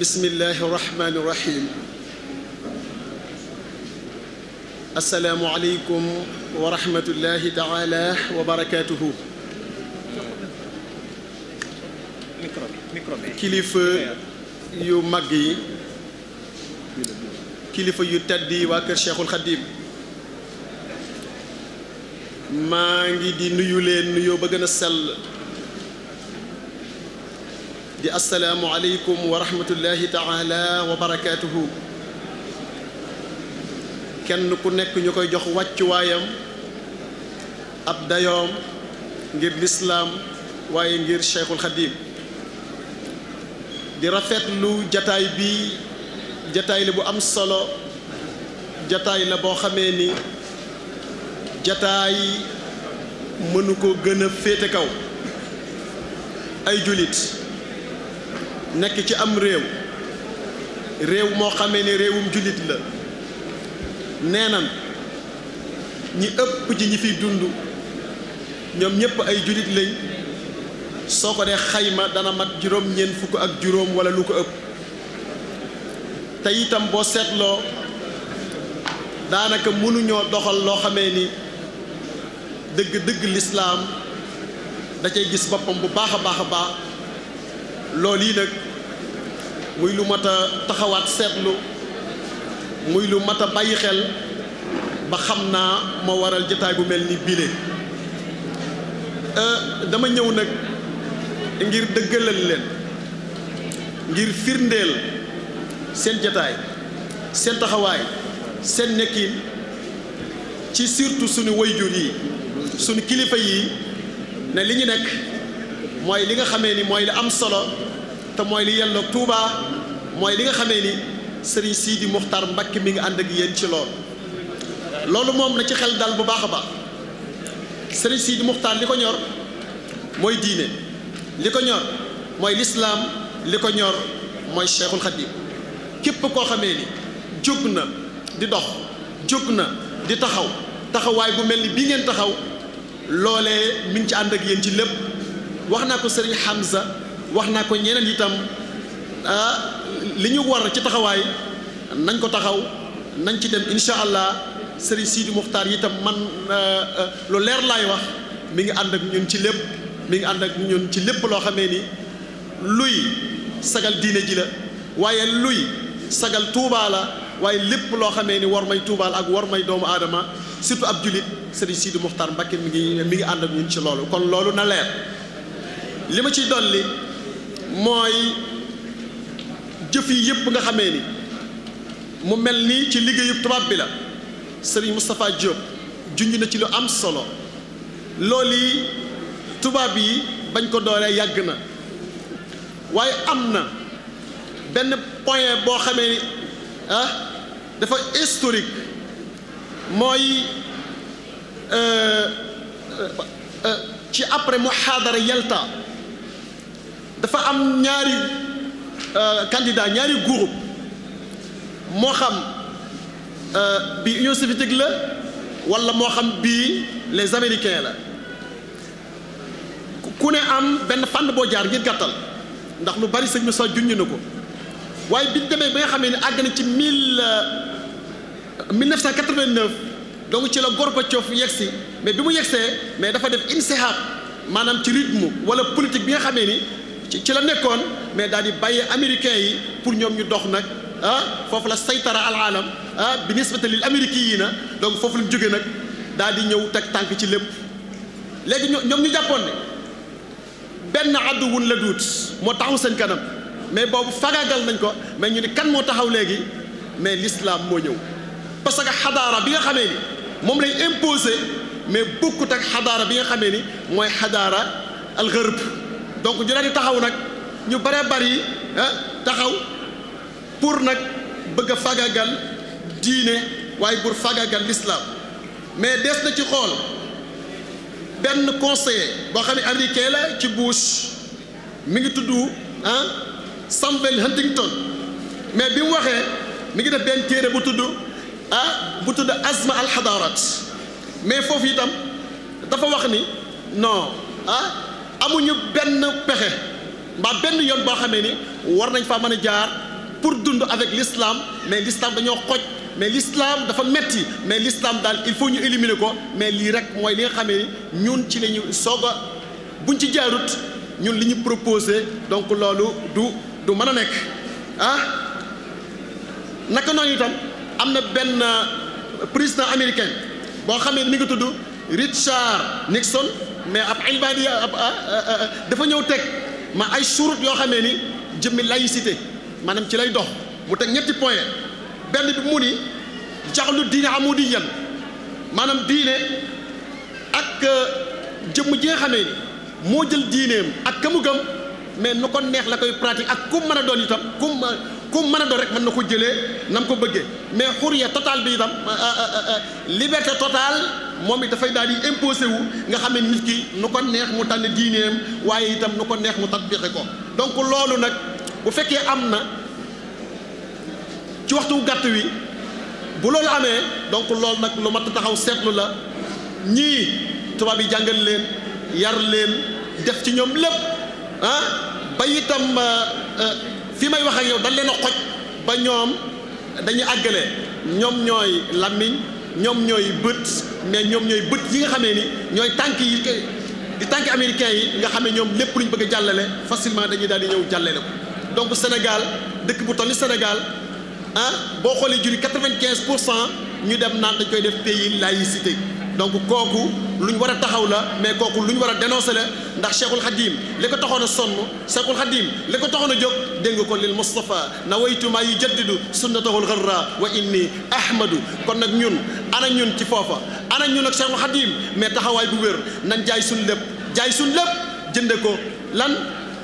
بسم الله الرحمن الرحيم السلام عليكم ورحمة الله تعالى وبركاته كيف يو مغي كليف يو تدي وكر شيخ الخديم ما نجي نيولين نيو بغن السل دي السلام عليكم ورحمة الله تعالى وبركاته كن كنك نيكو جوخ واتي وايام اب دايوم غير الاسلام واي غير الشيخ الخديم دي رافيت لو جتاي بي جتاي لبو ام صلو جتاي لا بو خاميني جتاي منوكو گنا فيتي كاو اي جوليت nekk ci am réew réew moo xamee ne réewum jullit la nee nan ñi ëpp ci ñi fiy dund ñoom ñépp ay jullit lañ soo ko dee xayma dana mat juróom-ñeent fukk ak juróom wala lu ko ëpp te itam boo seetloo daanaka mënuñoo doxal loo xamee ni dëgg-dëgg lislaam da cay gis boppam bu baax a baax a baax lool yi nag muy lu mata taxawat setlu muy lu mata bàyyi xel ba xamna naa ma waral jotaay bu melni bilé euh dama ñëw nak ngir dëggalal leen ngir firndel sen jotaay sen taxaway sen nekkine ci surtout suñu wayjur yi suñu kilifa yi ne li ñu nekk mooy li nga xamé ni moy li am solo te mooy li yelloog Touba mooy li nga xamee ni sëriñ Sidi Muxtar mbakk mi ngi ànd ak yéen ci lool loolu moom na ci xel dal bu baax a baax sëriñ sii Sidi Muxtar li ko ñor mooy diine li ko ñor mooy lislaam li ko ñor mooy Cheikhul Khadim képp koo xamee ni jóg na di dox jóg na di taxaw taxawaay bu mel ni bii ngeen taxaw loolee mi ci ànd ak yéen ci lépp wax naa ko sëriñ Hamza. wax naa ko ñeneen itam ah li ñu war ci taxawaay nañ ko taxaw nañ ci dem incha allah sëriñ Sidi Muxtaar itam man ah, ah, lu leer laay wax mi ngi ànd ak ñun ci lépp mi ngi ànd ak ñun ci lépp loo xamee ni luy sagal diine ji la waaye luy sagal tuubaa la waaye lépp loo xamee ni war may tuubaa la ak war may doomu aadama surtout ab julit sëriñ Sidi Muxtaar Mbàkke mi ngi mi ngi ànd ak ñun ci loolu kon loolu na leer li ma ciy dolli mooy jëf yi yëpp nga xamee ni mu mel ni ci liggéeyu tubaab bi la Serigne Moustapha Diop junj na ci lu am solo loolu yi tubaab yi bañ ko dooree yàgg na waaye am na benn point boo xamee ni ah, dafa historique mooy euh, euh, euh, ci après mu xaadara Yalta. dafa am ñaari euh, candidat ñaari groupe moo xam euh, bi Union la walla moo xam bii les Américains la ku ne am benn fànn boo jaar ngir gàttal ndax lu bari sa sëñ Moussa junj na ko waaye biñ demee ba nga xamee ne àgg na ci mille euh, mille neuf cent quatre-vingt-neuf donc ci la Gorbatchev yegsi mais bi mu yegsee mais dafa def insihaat maanaam ci rythme walla politique bi nga xamee ni. ci la nekkoon mais dal di baye americain yi pour ñom ñu dox nak ah fofu la saytara al alam ah bi nisbata lil americain donc fofu lu joge nak dal di ñëw tak tànk ci lépp legi ñom ñu japon ne ben aduun la dut mo taxu seen kanam mais bobu fagaagal nañ ko mais ñu ni kan mo taxaw legi mais l'islam mo ñëw parce que hadara bi nga xamé ni mom lay imposer mais bokkut ak hadara bi nga xamé ni moy hadara al gharb donc ñu leen taxaw nag ñu bëree bari ah taxaw pour nag bëgg a fagagal diine waaye pour fagagal l'islam mais des na ci xool benn conseiller boo xam ne américain la ci Bush mi ngi tudd ah Samuel Huntington mais bi mu waxee mi ngi def benn téere bu tudd ah bu tudd azma mais foofu itam dafa wax ni non ah amuñu benn pexe mbaa benn yoon boo xamee ni war nañ faa mën a jaar pour dund avec l'islam mais l'islam dañoo xoj mais l'islam dafa metti mais l'islam daal il faut ñu éliminer ko mais lii rek mooy li nga xamee ni ñun ci la ñu soog a buñ ci jaarut ñun li ñu proposé donc loolu du du mën a nekk ah naka noonu itam am na benn euh, président américain boo xamee ni nga ngi tudd Richard Nixon mais ab ibaadiya ab ah, ah, ah, dafa ñëw teg ma ay surut yoo xamee ni jëmmi laïcité maanaam ci lay dox mu teg ñetti point benn bi mu ni jaxlu diine amudiyan maanaam diine ak euh, jëmm ji nga xamee ni moo jël diineem ak ka mu gëm mais nu ko neex la koy pratique ak ku mën a doon itam ku ku mën a doon rek mën na ko jëlee na ko bëggee mais xuriya totale bi itam euh, euh, liberté totale moom it dafay daal di imposé wu nga xam ne nit ki nu ko neex mu tànn diineem waaye itam nu ko neex mu tatbiqe ko donc loolu nag bu fekkee am na ci waxtu gàtt wi bu loolu amee donc loolu nag lu mat taxaw seetlu la ñii tubaab yi jàngal leen yar leen def ci ñoom lépp ah ba itam euh, euh, fi may wax ak yow dañ leen a xoj ba ñoom dañuy àggale ñoom ñooy làmmiñ ñoom ñooy bët mais ñoom ñooy bët yi nga xam ne ni ñooy tànk yi di tànk américain yi nga xam ne ñoom lépp lu ñu bëgg jàllale facilement dañuy daal di ñëw jàllale ko donc Sénégal dëkk bu toll ni Sénégal ah boo xoolee juri quatre-vingt-quinze pour cent ñu dem naan dañ koy def pays laïcité donc koku luñ wara taxaw la mais koku luñ wara dénoncer la ndax cheikhul khadim liko ko sonu cheikhul khadim liko ko jóg deng ko lil nawaitu ma maa sunnatahu al xarra wa inni ahmadu kon nak ñun ana ñun ci fofa ana ñun ak cheikhul khadim mais taxaway bu wér nañ jaay suñ lépp jaay suñ lépp jënde ko lan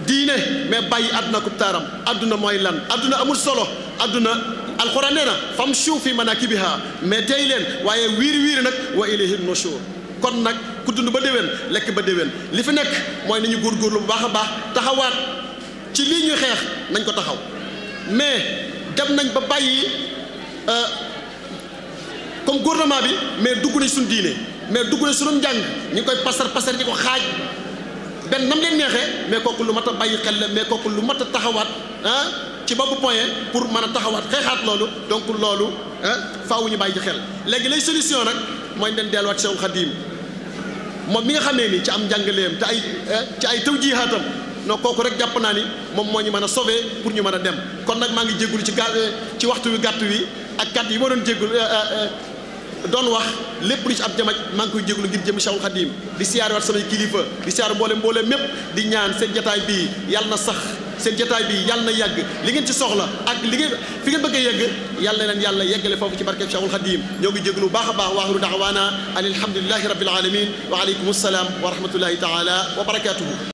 diine mais bàyyi aduna ku taram aduna moy lan aduna amul solo aduna alxuraan nee na famshu fi manakibiha mais tey leen waaye wiiri wiiri nag wa ilayhi nushur kon nag ku dund ba déwén lekk ba déwén li fi nekk mooy nañu góorgóorlu bu baax a baax taxawaat ci lii ñuy xeex nañ ko taxaw mais dem nañ ba bàyyi euh, comme gouvernement bi mais dugg nañ suñu diine mais dugg nañ suñu njàng ñu koy pasar pasar di ko xaaj benn nam leen neexee mais kooku lu mat a bàyyi xel la mais kooku lu mat a taxawaat ci boppu point pour mën a taxawaat xeexaat loolu donc loolu faaw ñu bàyyi ji xel léegi lay solution nag mooy dañ delluwaat Seexul Xadiim moom mi nga xamee ni ci am njàngaleem te ay ci ay taw jiihaatam non kooku rek jàpp naa ni moom moo ñu mën a sauver pour ñu mën a dem kon nag maa ngi jégalu ci ga euh, ci waxtu wi gàtt wi ak kàddu yi ma doon jégalu euh, euh, doon wax lépp lu ci ab jamaj maa ngi koy jégalu ngir jëm Cheikhul Khadim di siyaarewaat samay kilifa di siyaar mboole mboole mépp di ñaan seen jataay bii yàlla na sax seen jotaay bi yàlla na yàgg li ngeen ci soxla ak li ngeen fi ngeen bëgg a yegg yàlla na leen yàlla yeggale foofu ci barkeb Cheikhul Khadim ñoo ngi jéglu baax a al waaxiru daawaana an alhamdulilahi rabbil alamin wa aleykum assalaam wa rahmatullahi taala wa barakatuhu